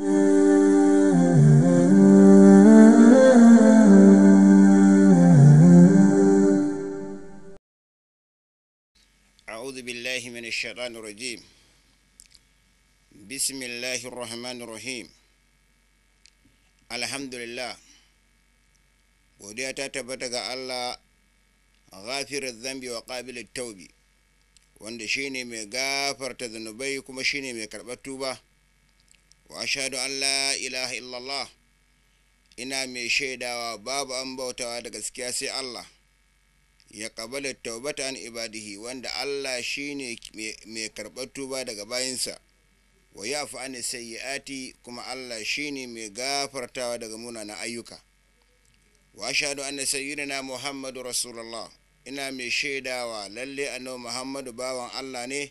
أعوذ بالله من الشيطان الرجيم بسم الله الرحمن الرحيم alhamdulillah godiya ta tabbata ga Allah ghafirar zambi wa ƙabilin taubi wanda shine mai gafarta zunubai kuma shine mai karɓar tuba wa ashadu an la ilaha illallah ina mai shaidawa babu an bautawa da gaskiya sai Allah ya kabala taubata an ibadihi wanda Allah shi ne mai karɓar tuba daga bayansa wa ya fi an sayyati kuma Allah shi ne mai gafartawa daga na ayyuka wa ashadu anna sayyidina Muhammadu rasulullah ina mai shaidawa lalle annabi Muhammadu bawan Allah ne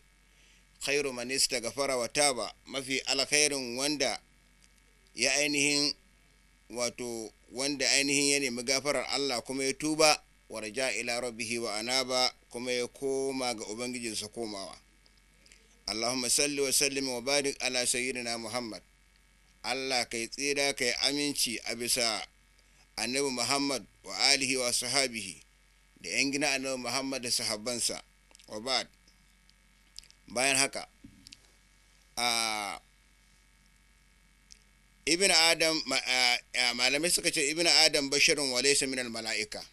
khairu manista gafara wa taba mafi alkhairin wanda ya ainihin wato wanda ainihin ya nemi gafarar Allah kuma ya tuba wa raja ila rabbihi wa anaba kuma ya koma ga ubangijinsa komawa Allahumma salli wa sallim wa barik ala sayyidina Muhammad Allah kai tsira kai aminci a bisa annabi Muhammad wa alihi wa sahabihi da yan gina annabi Muhammad da sahabbansa wa ba'd bayan haka ibn adam malamai suka ce ibn adam basharun walaysa min mala'ika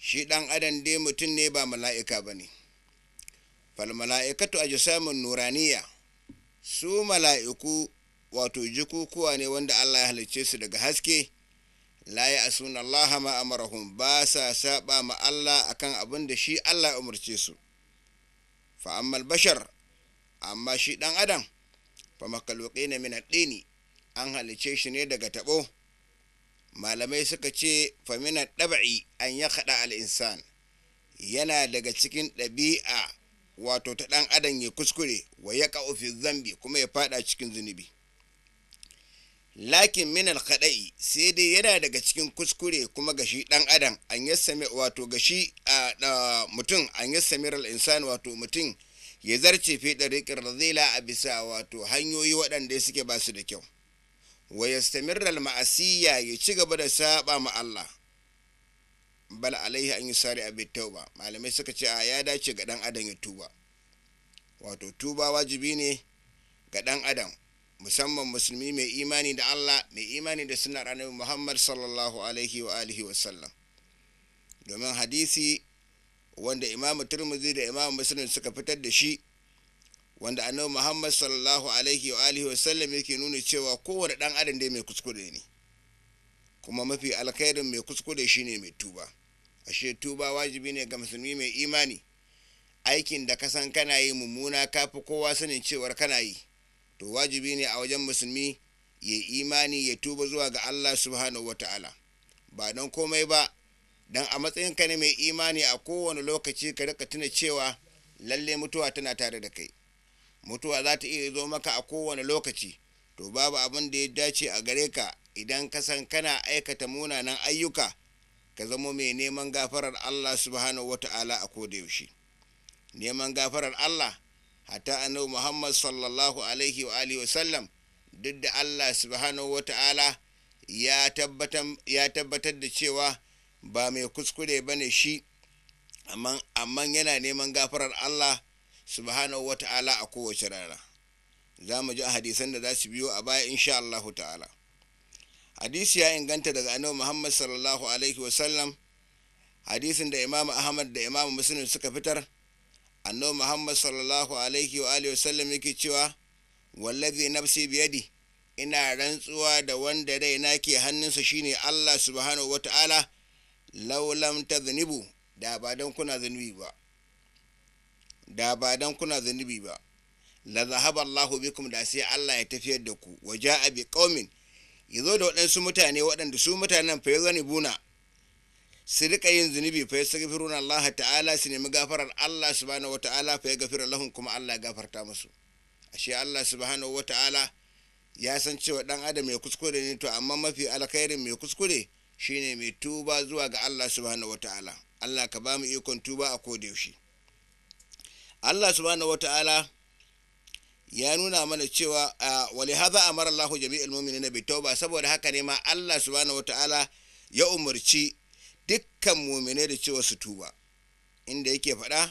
shi dan adam dai mutum ne ba mala'ika bane fal mala'ikatu ajsamun nuraniya su mala'iku wato jikukuwa ne wanda Allah ya halicce su daga haske la ya asuna Allah ma amarahum ba sa saba ma Allah akan abin da shi Allah ya umarce su fa bashar amma shi dan adam fa makaluƙi na min ɗini an halice shi ne daga taɓo malamai suka ce fa min ɗaba'i an ya al al'insan yana daga cikin ɗabi'a wato ta ɗan adam ya kuskure wa ya fi zambi kuma ya faɗa cikin zunubi lakin minal kaɗai sai dai yana daga cikin kuskure kuma gashi ɗan adam an yi wato gashi a mutum an yi yassame insan wato mutum ya zarce fi ɗariƙar razila a bisa wato hanyoyi waɗanda suke basu da kyau wa yastamirral ma'asiyya ya ci gaba da saba ma Allah bal alaihi an yi sari a tauba malamai suka ce a ya dace ga ɗan adam ya tuba wato tuba wajibi ne ga ɗan adam musamman musulmi mai imani da Allah mai imani da sunar annabi Muhammad sallallahu alaihi wa alihi wa sallam domin hadisi wanda imamu turmuzi da imamu muslim suka fitar da shi wanda annabi Muhammad sallallahu alaihi wa alihi wa sallam yake nuna cewa kowane dan adam dai mai kuskure ne kuma mafi alkhairin mai kuskure shine mai tuba ashe tuba wajibi ne ga musulmi mai imani aikin da ka san kana yi mummuna kafi kowa sanin cewar kana yi to wajibi ne a wajen musulmi ya imani ya tuba zuwa ga Allah subhanahu wa ta'ala ba don komai ba don a matsayin ka ne mai imani a kowane lokaci ka rika tuna cewa lalle mutuwa tana tare da kai mutuwa za ta iya zo maka a kowane lokaci to babu abin da ya dace a gare ka idan ka san kana aikata munanan ayyuka ka zama mai neman gafarar Allah subhanahu wa ta'ala a koda yaushe neman gafarar Allah hatta annabi muhammad sallallahu alaihi wa alihi wasallam duk da allah subhanahu wata'ala ya tabbatar da cewa ba mai kuskure ba ne shi amma yana neman gafarar allah subhanahu wata'ala a kowace rana za mu ji hadisan da za su biyo a baya insha Allah. ta'ala hadisi ya inganta daga annabi muhammad sallallahu alaihi wasallam hadisin da imam ahmad da imam muslim suka fitar annabi muhammad sallallahu alaihi wa alihi wasallam yake cewa wallazi nafsi biyadi ina rantsuwa da wanda raina ke hannunsa shine allah subhanahu ta'ala laulam ta zunubu da ba don kuna zunubi ba da ba don kuna zunubi ba la zahaba Allahu bikum da sai Allah ya tafiyar da ku waja ja'a bi qaumin yazo da waɗansu mutane waɗanda su mutanen fa buna. su rika yin zunubi fa yastaghfiruna Allah ta'ala su nemi gafarar Allah subhanahu wata'ala fa gafira lahum kuma Allah ya gafarta musu ashe Allah subhanahu wata'ala ya san cewa dan adam mai kuskure ne to amma mafi alkhairin mai kuskure shine mai tuba zuwa ga Allah subhanahu wata'ala Allah ka ba mu ikon tuba a koda yaushe Allah subhanahu wata'ala ya nuna mana cewa wali hadha amara Allahu jami'al mu'minina bi tauba saboda haka ne ma Allah subhanahu wata'ala ya umarci dukkan mumine da cewa su tuba inda yake faɗa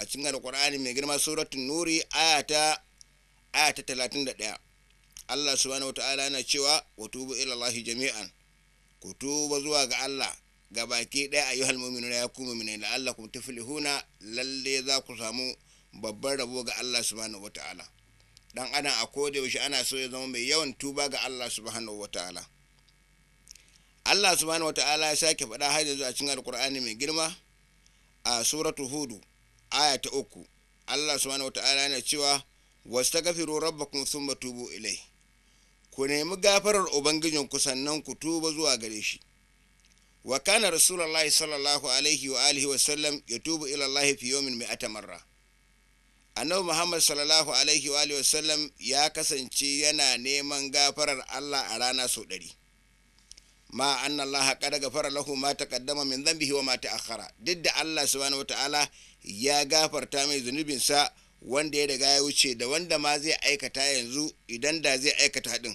a cikin alkur'ani mai girma suratun nuri ayata ayata talatin ɗaya allah subhanahu wata'ala yana cewa wa tubu ilallahi jami'an ku tuba zuwa ga allah ga baki ɗaya ayyuhal mu'minuna ya ku mu'minai la'allakum tuflihuna lalle za ku samu babbar rabo ga allah subhanahu wata'ala dan adam a koda yaushe ana so ya zama mai yawan tuba ga allah subhanahu wata'ala Allah subhanahu wata'ala ya sake faɗa har yanzu a cikin Alƙur'ani mai girma a suratu hudu aya ta uku Allah subhanahu wata'ala yana cewa wastaghfiru rabbakum thumma tubu ilai ku nemi gafarar ubangijin ku sannan ku tuba zuwa gare shi wa kana rasulullahi sallallahu alaihi wa alihi wa sallam yatubu ila Allah fi yawmin mi'ata marra annabi muhammad sallallahu alaihi wa alihi wa sallam ya kasance yana neman gafarar Allah a rana sau ɗari ma anna allaha qad ghafara lahu ma taqaddama min dhanbihi wa ma ta'akhkhara duk da Allah subhanahu ta'ala ya gafarta mai zunubin sa wanda ya riga ya wuce da wanda ma zai aikata yanzu idan da zai aikata din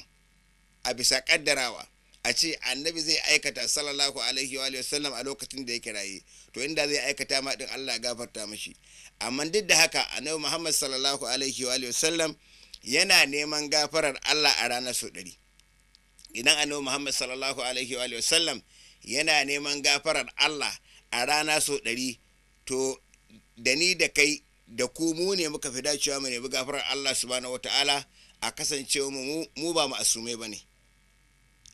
a bisa kaddarawa a ce annabi zai aikata sallallahu alaihi wa sallam a lokacin da yake raye to inda zai aikata ma din Allah ya gafarta mashi amma duk da haka annabi Muhammad sallallahu alaihi wa sallam yana neman gafarar Allah a ranar sau ɗari. idan annabi muhammad sallallahu alaihi wa sallam yana neman gafarar allah a rana so ɗari to da ni da kai da ku mu ne muka fi dacewa mu nemi gafarar allah subhanahu wataala a kasancewa mu mu ba asume ba ne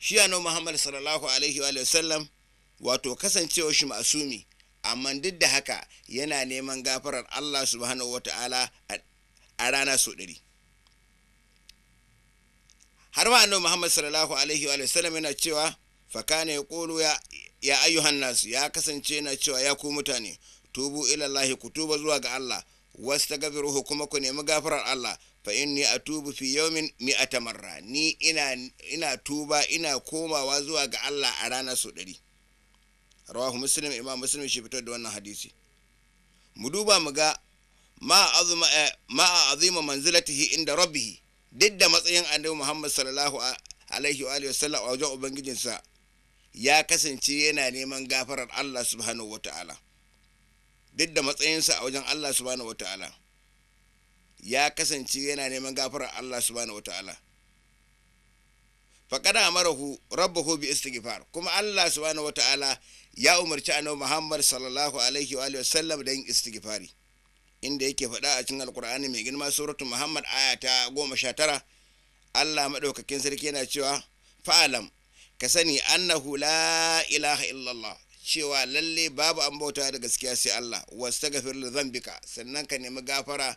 shi annabi muhammad sallallahu alaihi wa sallam wato kasancewa shi ma'asumi amma duk da haka yana neman gafarar allah subhanahu wataala a rana so ɗari har ma annabi Muhammad sallallahu alaihi wa sallam yana cewa fakana ya kulu ya ya ayyuhan nas ya kasance yana cewa ya ku mutane tubu ila Allah ku tuba zuwa ga Allah wastagfiruhu kuma ku nemi gafarar Allah fa inni atubu fi yawmin mi'ata marra ni ina ina tuba ina komawa zuwa ga Allah a rana su dari rawahu muslim imam muslim shi fitar da wannan hadisi mu duba mu ga ma eh, azima manzilatihi inda rabbihi duk da matsayin annabi muhammad sallallahu alaihi wa wasallam a wajen ubangijinsa ya kasance yana neman gafarar allah subhanahu wa ta'ala duk da matsayinsa a wajen allah subhanahu wa ta'ala ya kasance yana neman gafarar allah subhanahu wa ta'ala faƙada marahu rabbahu bi istighfar kuma allah subhanahu wa ta'ala ya umarci annabi muhammad sallallahu alaihi wa sallam da yin istighfari inda yake faɗa a cikin alkur'ani mai girma suratu muhammad aya ta goma sha tara allah maɗaukakin sarki yana cewa fa'alam ka sani annahu la ilaha illallah cewa lalle babu an bauta da gaskiya sai allah wasu da zambika sannan ka nemi gafara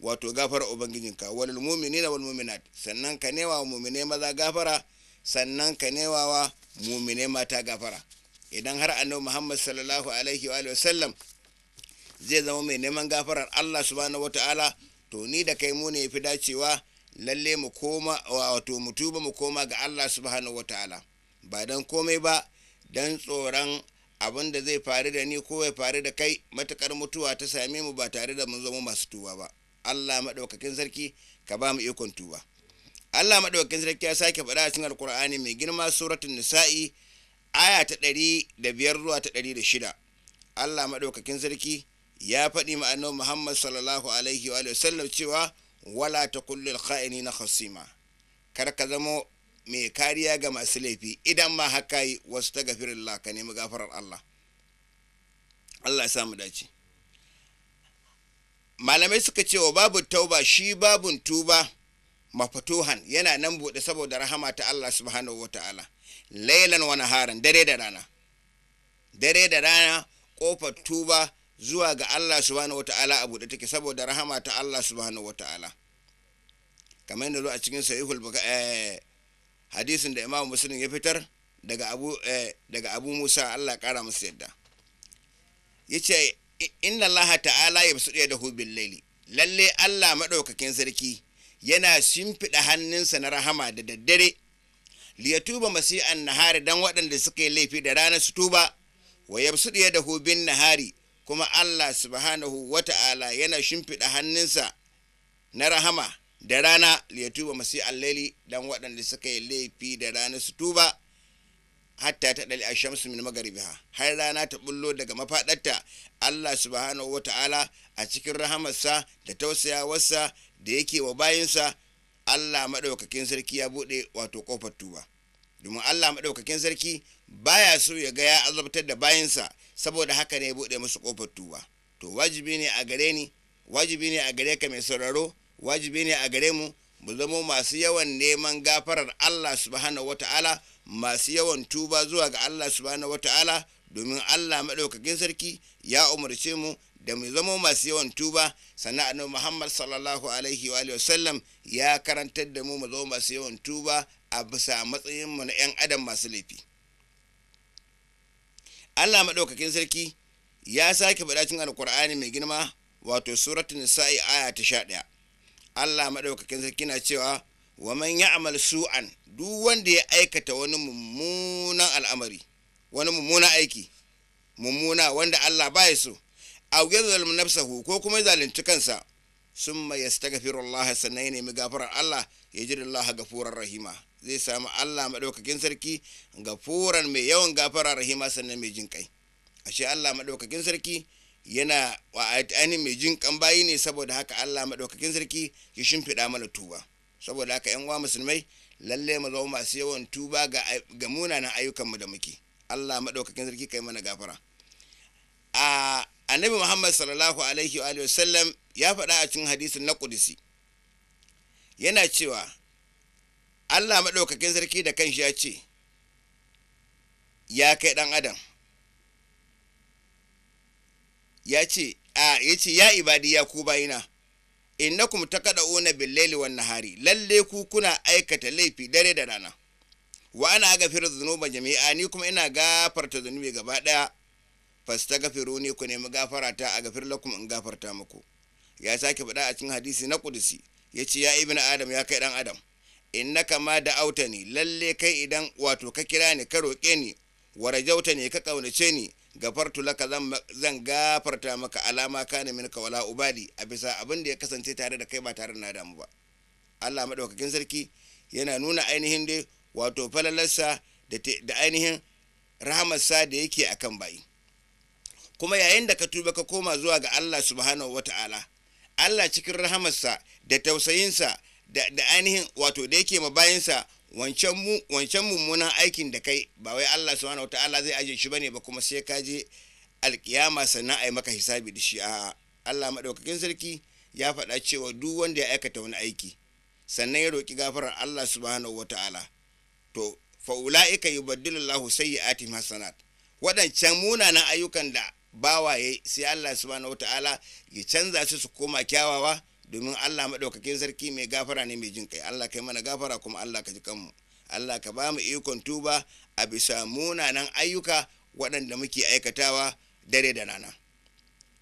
wato gafara ubangijinka walil mu'minina wal mu'minat sannan ka newa mu'mine maza gafara sannan ka newa wa mu'mine mata gafara idan har annabi muhammad sallallahu alaihi wa sallam zai zama mai neman gafarar Allah subhanahu wata'ala to ni da kai mu ne fi dacewa lalle mu koma wato mu tuba mu koma ga Allah subhanahu wata'ala ba dan komai ba dan tsoron abin da zai faru da ni ko ya faru da kai matukar mutuwa ta same mu ba tare da mun zama masu tuba ba Allah madaukakin sarki ka ba mu ikon tuba Allah madaukakin sarki ya sake faɗa a cikin Alkur'ani mai girma suratul Nisa'i aya ta ɗari biyar zuwa ta ɗari da shida Allah maɗaukakin sarki ya faɗi ma'anar Muhammad sallallahu alaihi wa sallam cewa wala ta kullum kha'ini na khasima kar ka zamo mai kariya ga masu laifi idan ma haka yi wasu ta gafirillah ka nemi gafarar Allah Allah ya samu dace malamai suka ce wa babu tauba shi babu tuba mafatuhan yana nan buɗe saboda rahama ta Allah subhanahu wa ta'ala lailan wa naharan dare da rana dare da rana kofar tuba zuwa ga Allah subhanahu ta’ala a buɗe take saboda rahama ta Allah subhanahu ta'ala. kamar yadda a cikin sahihul eh, hadisin da Imam Muslim ya fitar daga Abu eh, daga Abu Musa Allah kara masa yadda yace inna Allah ta'ala yabsudu yadahu bil layli lalle Allah madaukakin sarki yana shimfiɗa hannunsa na rahama da daddare liyatuba masi'an nahari dan waɗanda suka yi laifi da rana su tuba wa yabsudu yadahu bin nahari kuma Allah subhanahu wata'ala yana shimfiɗa hannunsa na rahama da rana ya tuba masu allali dan waɗanda suka yi laifi da rana su tuba hatta ta ɗali a shamsu min magaribiha har rana ta bullo daga mafaɗarta Allah subhanahu wata'ala a cikin rahamarsa da tausayawarsa da yake wa bayinsa Allah maɗaukakin sarki ya buɗe wato ƙofar tuba domin Allah maɗaukakin sarki baya so ya ga ya azabtar da bayinsa saboda haka ne ya buɗe musu kofar tuba to wajibi ne a gare ni wajibi ne a gare ka mai sauraro wajibi ne a gare mu mu zama masu yawan neman gafarar Allah subhanahu wata'ala masu yawan tuba zuwa ga Allah subhanahu wata'ala domin Allah maɗaukakin sarki ya umarce mu da mu zamo masu yawan tuba sannan annabi Muhammad sallallahu alaihi wa wasallam ya karantar da mu mu zama masu yawan tuba a bisa matsayin mu na 'yan adam masu laifi Allah maɗaukakin sarki ya sake baɗacin alƙur'ani mai girma wato suratun nisa'i aya ta sha ɗaya Allah maɗaukakin sarki na cewa wa man ya'mal su'an duk wanda ya aikata wani mummunan al'amari wani mummunan aiki mummuna wanda Allah ba ya so aw yadhlim nafsahu ko kuma zalunci kansa summa yastaghfirullah sannan ya nemi gafarar Allah ya ji da Allah gafurar rahima zai samu Allah maɗaukakin sarki ga gafuran mai yawan gafara rahima sannan mai jin kai ashe Allah maɗaukakin sarki yana wa ainihin mai jin kan bayi ne saboda haka Allah maɗaukakin sarki ya shimfiɗa mana tuba saboda haka yan uwa musulmai lalle mu zama masu yawan tuba ga munanan ayyukan mu da muke Allah maɗaukakin sarki kai mana gafara a annabi Muhammad sallallahu alaihi wa sallam ya faɗa a cikin hadisin na Qudsi yana cewa Allah maɗaukakin sarki da kan shi ya ce, Ya kai ɗan Adam, ya ce, a ya ce, Ya ibadi ya ku bayina, innakum ta kaɗa una billeli wan hari lalle ku kuna aikata laifi dare da rana, wa ana gafir ba jami'a ni kuma ina gafarta mai gaba ɗaya, fasta gafiro ne ku nemi gafarata a gafir lakum in gafarta muku. Ya sake faɗa a cikin hadisi na kudusi, ya ce, Ya ibn Adam ya kai ɗan Adam. in na kama da auta ni lalle kai idan wato ka kira ni ka roƙe ni warajauta ne ka ƙaunace ni gafartu laka zan gafarta maka alama kana min wala ubadi a bisa abin da ya kasance tare da kai ba tare na damu ba Allah madaukakin sarki yana nuna ainihin dai wato falalarsa da ainihin rahamarsa da yake akan bayi kuma yayin da ka tuba ka koma zuwa ga Allah subhanahu wata'ala Allah cikin rahamarsa da tausayinsa da ainihin wato da yake ma bayansa wancan mummunan aikin da kai ba wai Allah subhanahu wataala zai aje shi bane ba kuma sai ka je alkiyama sannan a yi maka hisabi da shi a Allah madaukakin sarki ya faɗa cewa duk wanda ya aikata wani aiki sannan ya roƙi gafarar Allah subhanahu wataala to fa ulaika yubaddilu Allahu sayyi'atihim hasanat waɗancan munanan ayyukan da bawaye sai Allah subhanahu wataala ya canza su su koma kyawawa domin Allah maɗaukakin sarki mai gafara ne mai jin kai Allah kai mana gafara kuma Allah ka ji kanmu Allah ka ba mu ikon tuba a bisa munanan ayyuka waɗanda muke aikatawa dare da rana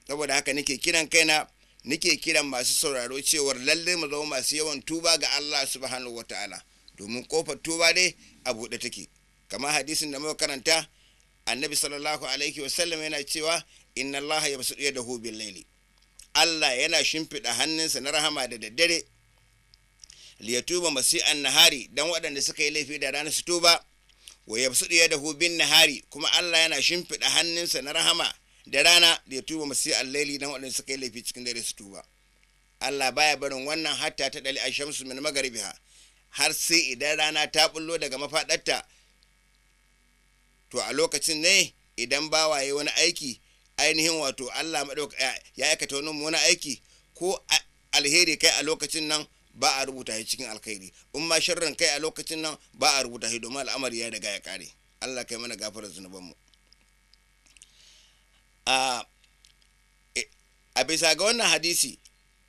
saboda haka nake kiran kaina nake kiran masu sauraro cewar lalle mu zama masu yawan tuba ga Allah subhanahu wataala domin kofar tuba dai a buɗe take kama hadisin da muka karanta annabi sallallahu alaihi wasallam yana cewa inna allaha yabsu yadahu bil laili Allah yana shimfiɗa hannunsa na rahama da daddare liyatuba masi'an nahari dan waɗanda suka yi laifi da rana su tuba wa yabsudu yadahu bin nahari kuma Allah yana shimfiɗa hannunsa na rahama da rana liyatuba masi'an laili dan waɗanda suka yi laifi cikin dare su tuba Allah baya barin wannan hatta ta dali ashamsu min magaribiha har sai idan rana ta bullo daga mafaɗarta to a lokacin ne idan bawaye wani aiki ainihin wato Allah ya aikata wani wani aiki ko alheri kai a lokacin nan ba a rubuta shi cikin alkhairi in ma sharrin kai a lokacin nan ba a rubuta shi domin al'amari ya daga ya kare Allah kai mana gafara zunuban mu. E, a bisa ga wannan hadisi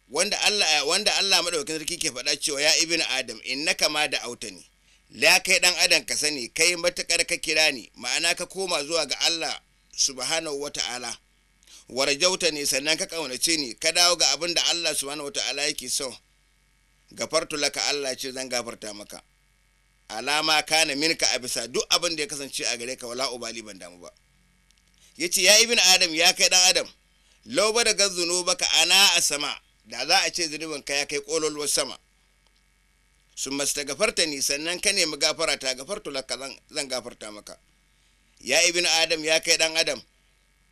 wanda Allah wanda Allah madaukakin sarki ke faɗa cewa ya ibnu adam innaka ma da autani la kai dan adam ka sani kai matakar ka kira ni ma'ana ka koma zuwa ga Allah subhanahu wata'ala warjauta ne sannan ka kaunace ni ka dawo ga abin da Allah subhanahu wata'ala yake so gafartu laka Allah ce zan gafarta maka alama kana minka a bisa duk abin da ya kasance a gare ka wala ubali ban damu ba yace ya ibn adam ya kai dan adam lauba da gazuno baka ana a sama da za a ce zunubin ka ya kai kololuwar sama sun masta gafarta ni sannan ka nemi gafarata ta gafartu laka zan gafarta maka ya ibn adam ya kai dan adam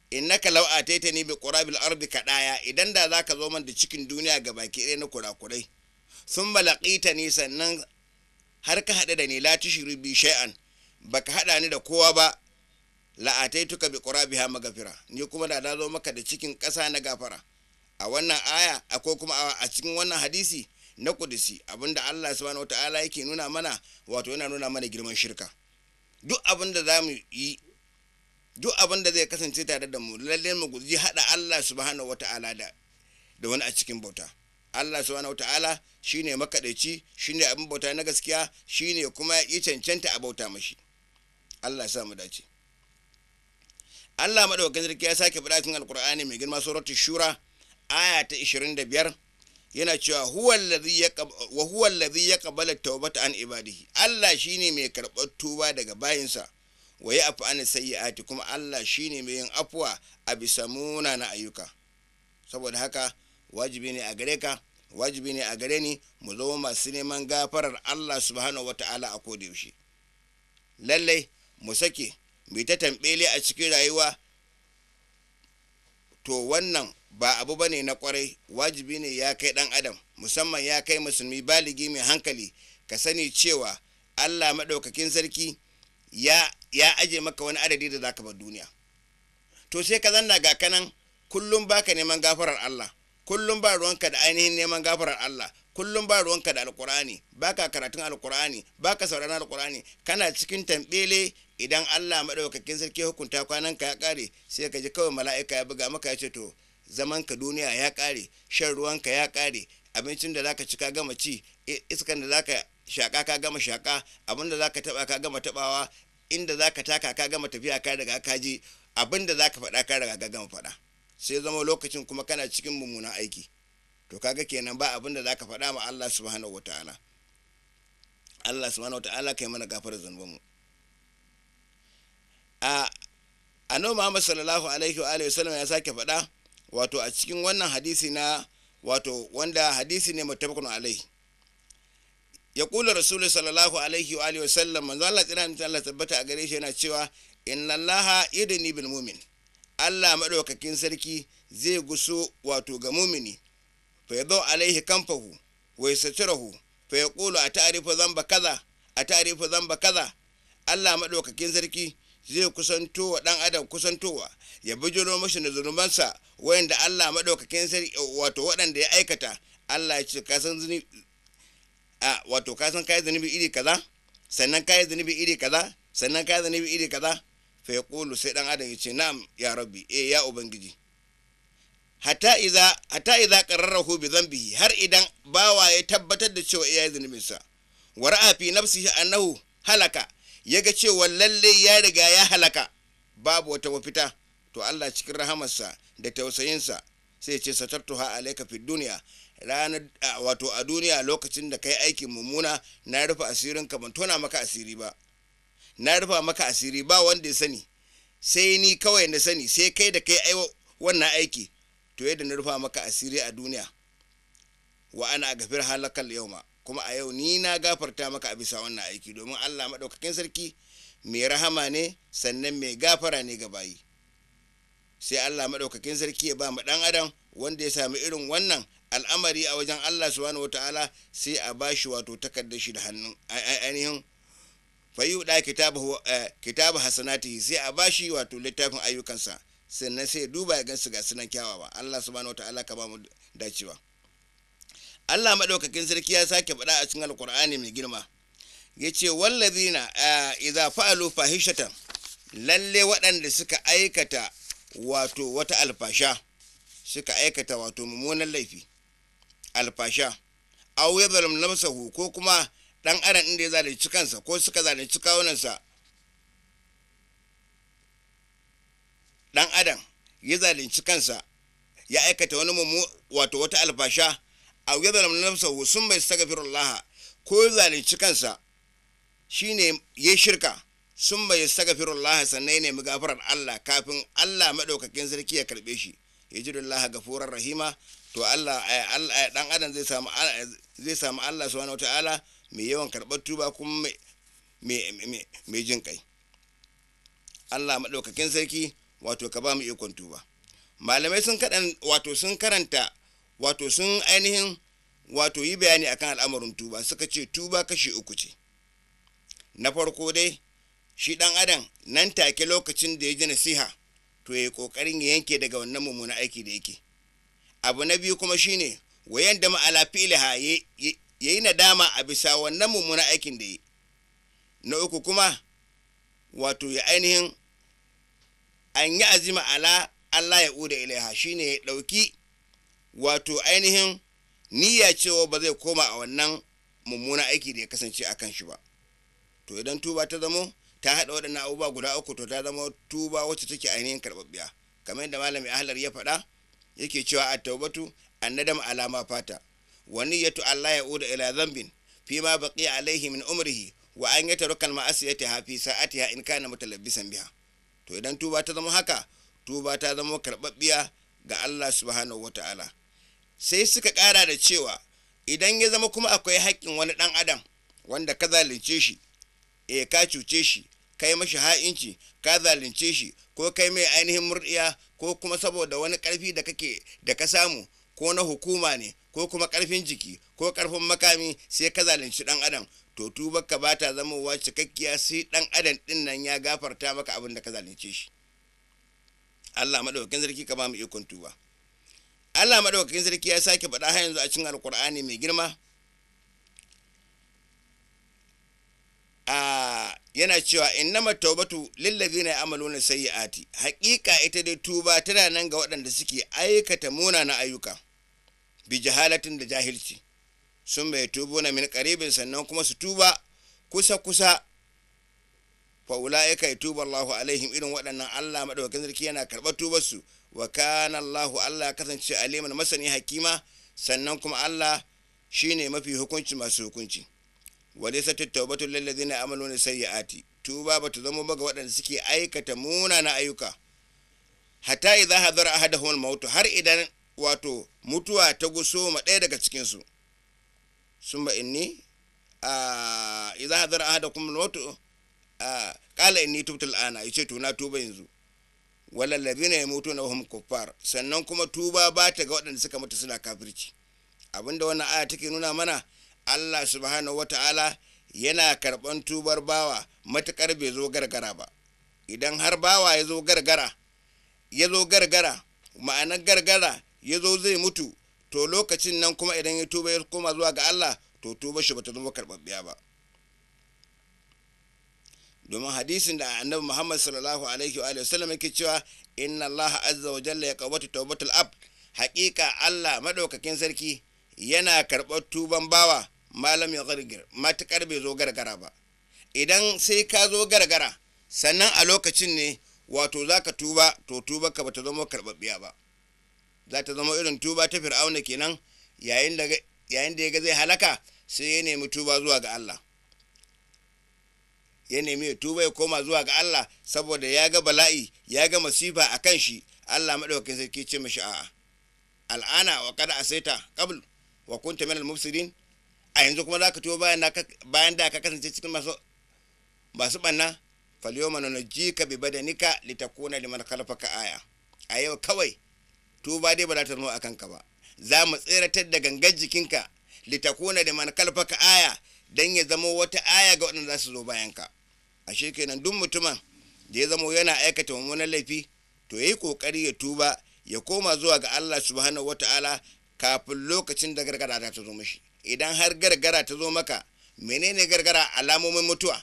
innaka law ataitani bi qurabil ardi kadaya idan da zaka zo man da cikin duniya ga baki ɗaya na kurakurai sun malaqita ni sannan har ka haɗa da ni la tushri bi shay'an baka haɗa ni da kowa ba la ataituka bi qurabiha magafira ni kuma da na zo maka da cikin ƙasa na gafara a wannan aya akwai kuma a cikin wannan hadisi na kudisi abinda Allah subhanahu wataala yake nuna mana wato yana nuna mana girman shirka duk abinda za mu yi duk abin da zai kasance tare da mu lallai mu guji hada Allah subhanahu wata'ala da da wani a cikin bauta Allah subhanahu wata'ala shine makaɗaici shine abin bauta na gaskiya shine kuma ya cancanta a bauta mashi Allah ya sa mu dace Allah madaukakin sarki ya sake faɗa cikin alqur'ani mai girma suratul Shura aya ta 25 yana cewa "Wa huwa alladhi yaqbalu tawbata an ibadihi Allah shine mai karɓar tuba daga bayinsa wa ya afu an sayyi'ati kuma Allah shi ne mai yin afuwa a bisa muna na ayyuka saboda haka wajibi ne a gare ka wajibi ne a gare ni mu zama masu neman gafarar Allah subhanahu Ta'ala a koda yaushe lallai mu sake mu ta tambele a cikin rayuwa to wannan ba abu ba ne na kwarai wajibi ne ya kai dan adam musamman ya kai musulmi baligi mai hankali ka sani cewa Allah maɗaukakin sarki ya ya aje maka wani adadi da zaka bar duniya to sai ka zanna ga kanan kullum baka neman gafarar Allah kullum ba ruwanka da ainihin neman gafarar Allah kullum ba ruwanka da alkur'ani baka karatun alkur'ani baka sauraron alkur'ani kana cikin tambele idan Allah madaukakin sarki hukunta kwanan ka ya kare sai ka ji kawai mala'ika ya buga maka ya ce to zaman ka duniya ya kare shan ruwanka ya kare abincin da zaka ci ka gama ci iskan da zaka shaka ka gama shaka abinda za ka taba ka gama tabawa inda za ka taka ka gama tafiya ka daga ka ji abinda za ka faɗa ka daga ka gama faɗa sai zama lokacin kuma kana cikin mummunan aiki to kaga kenan ba abinda za ka faɗa ma Allah subhanahu wataala Allah subhanahu wataala kai mana gafarar zanubanmu a annabi Muhammad sallallahu alaihi wa alihi wasallam ya sake faɗa wato a cikin wannan hadisi na wato wanda hadisi ne mutabakun alaihi ya kula rasulu sallallahu alaihi wa alihi wasallam manzo Allah tsira mutum Allah tabbata a gare shi yana cewa inna Allah idni bil mu'min Allah madaukakin sarki zai guso wato ga mumini fa yadau alaihi kanfahu wa yasatirahu fa yaqulu ata'rifu dhanba kaza ata'rifu dhanba kaza Allah madaukakin sarki zai kusanto wa dan adam kusantowa ya bijiro mashi da zunubansa wanda Allah madaukakin sarki wato waɗanda ya aikata Allah ya ce ka san a wato ka san kai zunubi iri kaza sannan kai zunubi iri kaza sannan kai zunubi iri kaza fa yaqulu sai dan adam yace na'am ya rabbi eh ya ubangiji hatta idza hatta idza qarrarahu bi dhanbihi har idan bawa ya tabbatar da cewa ya yi sa wa ra'a fi nafsihi annahu halaka yaga cewa lalle ya riga ya halaka babu wata mafita to Allah cikin rahamarsa da tausayinsa sai ya ce satartuha alayka fid dunya ranar wato a duniya lokacin da kai aikin mummuna na rufe asirin ka ban tona maka asiri ba na rufa maka asiri ba wanda ya sani sai ni kawai na sani sai kai da kai ai wannan aiki to yadda na rufa maka asiri a duniya wa ana gafir halakal ma. kuma a yau ni na gafarta maka a bisa wannan aiki domin Allah maɗaukakin sarki mai rahama ne sannan mai gafara ne ga bayi sai Allah maɗaukakin sarki ya ba mu ɗan adam wanda ya sami irin wannan al'amari a wajen Allah subhanahu wata'ala sai a bashi wato takarda shi da hannun ainihin fayyuda eh, kitabu hasanati sai a bashi wato littafin ayyukansa sannan sai duba ya gansu ga sunan kyawawa Allah subhanahu wata'ala ka ba mu dacewa Allah madaukakin sarki ya sake faɗa a cikin alkur'ani mai girma yace wallazina eh, idza fa'alu fahishatan lalle waɗanda suka aikata wato wata alfasha suka aikata wato mummunan laifi alfasha aw ya zalim hu ko kuma dan adam inda ya zalunci kansa ko suka zalunci kawunansa dan adam ya zalunci kansa ya aikata wani mummu wato wata alfasha aw ya zalim hu sun bai astaghfirullah ko ya zalunci kansa shine ya shirka sun bai astaghfirullah sannan ya nemi gafarar Allah kafin Allah madaukakin sarki ya karbe shi yajidullaha gafurar rahima to Allah eh, Allah eh, dan adam zai samu eh, zai samu Allah subhanahu wataala mai yawan karɓar tuba kuma mai mai jin kai Allah maɗaukakin sarki wato ka ba mu ikon tuba malamai sun kaɗan wato sun karanta wato sun ainihin wato yi bayani akan al'amarin tuba suka ce tuba kashi uku ce na farko dai shi ɗan adam nan take lokacin da ya ji nasiha to ya yi ƙoƙarin ya yanke daga wannan mummunan aiki da yake abu na biyu kuma shine wayan da ma'ala fi'liha ya yi nadama a bisa wannan mummunan aikin da yi na uku kuma wato ya ainihin an yi azima ala Allah ya uda ilaiha shine ya ɗauki wato ainihin niyya cewa ba zai koma a wannan mummunan aiki da ya kasance a kan shi ba to idan tuba ta zamo ta haɗa waɗannan abubuwa guda uku to ta zama tuba wacce take ainihin karɓaɓɓiya kamar yadda malami ahlar ya faɗa yake cewa a taubatu nadama alama fata ya tu Allah uda ila fi ma baki alaihi min umrihi wa an yataruka ya ta fi sa'atiha in kana mutalabbisan biya to idan tuba ta zama haka tuba ta zama karbabbiya ga Allah subhanahu wata'ala sai suka kara da cewa idan ya zama kuma akwai haƙƙin wani ɗan adam wanda ka zalunce shi e ka cuce shi kai mashi ha'inci ka zalunce shi ko kai mai ainihin murɗiya ko kuma saboda wani karfi da kake da ka samu ko na hukuma ne ko kuma karfin jiki ko karfin makami sai ka zalunci dan adam to ka ba ta zamowa cikakkiya sai dan adam din nan ya gafarta maka abin da ka zalunce shi Allah madaukakin sarki ka ba mu ikon tuba Allah madaukakin sarki ya sake faɗa har yanzu a cikin alkur'ani mai girma yana cewa innama taubatu sai ya ati haƙiƙa ita dai tuba tana nan ga waɗanda suke aikata munana ayyuka bi jahalatin da jahilci sun bai tubo na min karibin sannan kuma su tuba kusa kusa fa ulaika yatubu Allahu alaihim irin waɗannan Allah madaukakin sarki yana karɓar tubar su wa kana Allahu Allah kasance aliman masani hakima sannan kuma Allah shine mafi hukunci masu hukunci Wani walaysat at-tawbatu lil ladzina ya'maluna sayyi'ati tuba bata zama ba ga waɗanda suke aikata munana ayyuka Hata hatta idza a hada al-maut har idan wato mutuwa ta guso ma ɗaya daga cikinsu. su summa inni a idza hadara ahadukum al-maut qala inni tubtu al-ana yace to na tuba yanzu walal ladina mutu na hum kuffar sannan kuma tuba ba ta ga waɗanda suka mutu suna kafirci abinda wannan aya take nuna mana Allah subhanahu wata'ala yana karɓan tubar bawa matuƙar bai zo gargara ba idan har bawa ya zo gargara ya zo gargara ma'anar gargara ya zo zai mutu to lokacin nan kuma idan ya tuba ya koma zuwa ga Allah to tuba shi bata zama karɓaɓɓiya ba domin hadisin da annabi Muhammad sallallahu alaihi wa sallam yake cewa inna Allah azza wa jalla ya qawwata tawbatul ab haƙiƙa Allah madaukakin sarki yana karɓar tuban bawa malam ya gargir matuƙar bai zo gargara ba idan sai ka zo gargara sannan a lokacin ne wato za ka tuba to tuba ka ba ta zama karɓaɓɓiya ba za ta zama irin tuba ta fir'auna kenan yayin da ya ga zai halaka sai ya nemi tuba zuwa ga Allah ya nemi ya tuba ya koma zuwa ga Allah saboda ya ga bala'i ya ga masifa a kan shi Allah maɗaukin sarki ce mashi a al'ana wa kada a saita qabl wa kunta minal mufsidin a yanzu kuma zaka tuwo bayan bayan da ka kasance cikin masu masu banna yawma nunjika bi badanika litakuna liman khalafaka aya a yau kawai tuba dai ba za ta zama akan ka ba za mu tseratar da gangar jikinka litakuna liman khalfaka aya dan ya zama wata aya ga waɗanda za su zo bayan ka A ashe kenan duk mutumin da ya zama yana aikata mummunan laifi to yayi kokari ya tuba ya koma zuwa ga Allah subhanahu Ta'ala. kafin lokacin da gargara ta zo mashi idan har gargara ta zo maka menene gargara alamomin mutuwa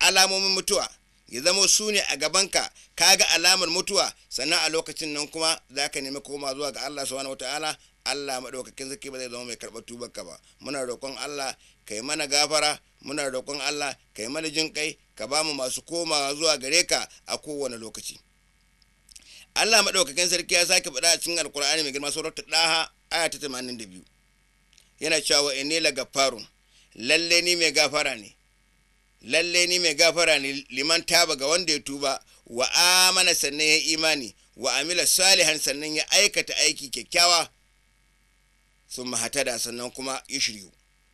alamomin mutuwa ya zama su ne a gabanka ka ga alamar mutuwa sannan a lokacin nan kuma za ka nemi koma zuwa ga Allah subhanahu wataala Allah maɗaukakin zaki ba zai zama mai karɓar ka ba muna roƙon Allah ka yi mana gafara muna roƙon Allah ka yi mana jin kai ka ba mu masu komawa zuwa gare ka a kowane lokaci Allah madaukakin sarki ya sake faɗa a cikin alkur'ani mai girma suratul daha aya ta 82 yana cewa wa inni la gaffarun lalle ni mai gafara ne lalle ni mai gafara ne liman taba ga wanda ya tuba wa amana sannan ya imani wa amila salihan sannan ya aikata aiki kyakkyawa sun mahatada sannan kuma ya shiryu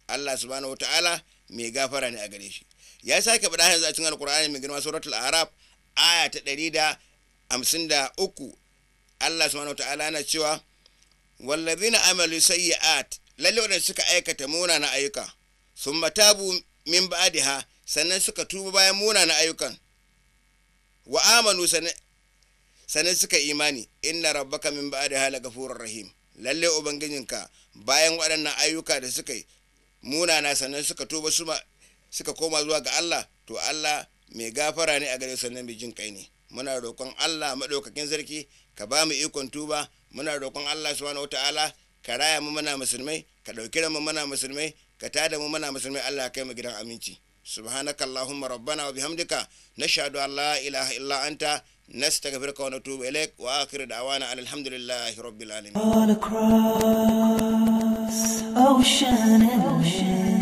Allah subhanahu wataala mai gafara ne a gare shi ya sake faɗa a cikin alkur'ani mai girma al araf aya ta ɗari da hamsin da uku Allah subhanahu wa ta'ala na cewa sai amalu sayyi'at lalle wadanda suka aikata munana ayyuka sun matabu min ba'diha sannan suka tuba bayan munana ayyukan wa amanu sannan suka imani inna rabbaka min ba'diha lagafurur rahim lalle ubangijinka bayan waɗannan ayyuka da suka yi munana sannan suka tuba suma suka koma zuwa ga Allah to Allah mai gafara ne a gare sannan mai jin kai ne muna roƙon Allah maɗaukakin sarki ka ba mu ikon tuba muna roƙon Allah subhanahu ala ka raya mu mana musulmai ka ɗauki mu mana musulmai ka tada mu mana musulmai Allah kai mu gidan aminci subhanaka allahumma rabbana wa bihamdika na an la ilaha illa anta nastaghfiruka wa natubu ilaik wa akhir da'wana alhamdulillahi rabbil alamin all alhamdulillah.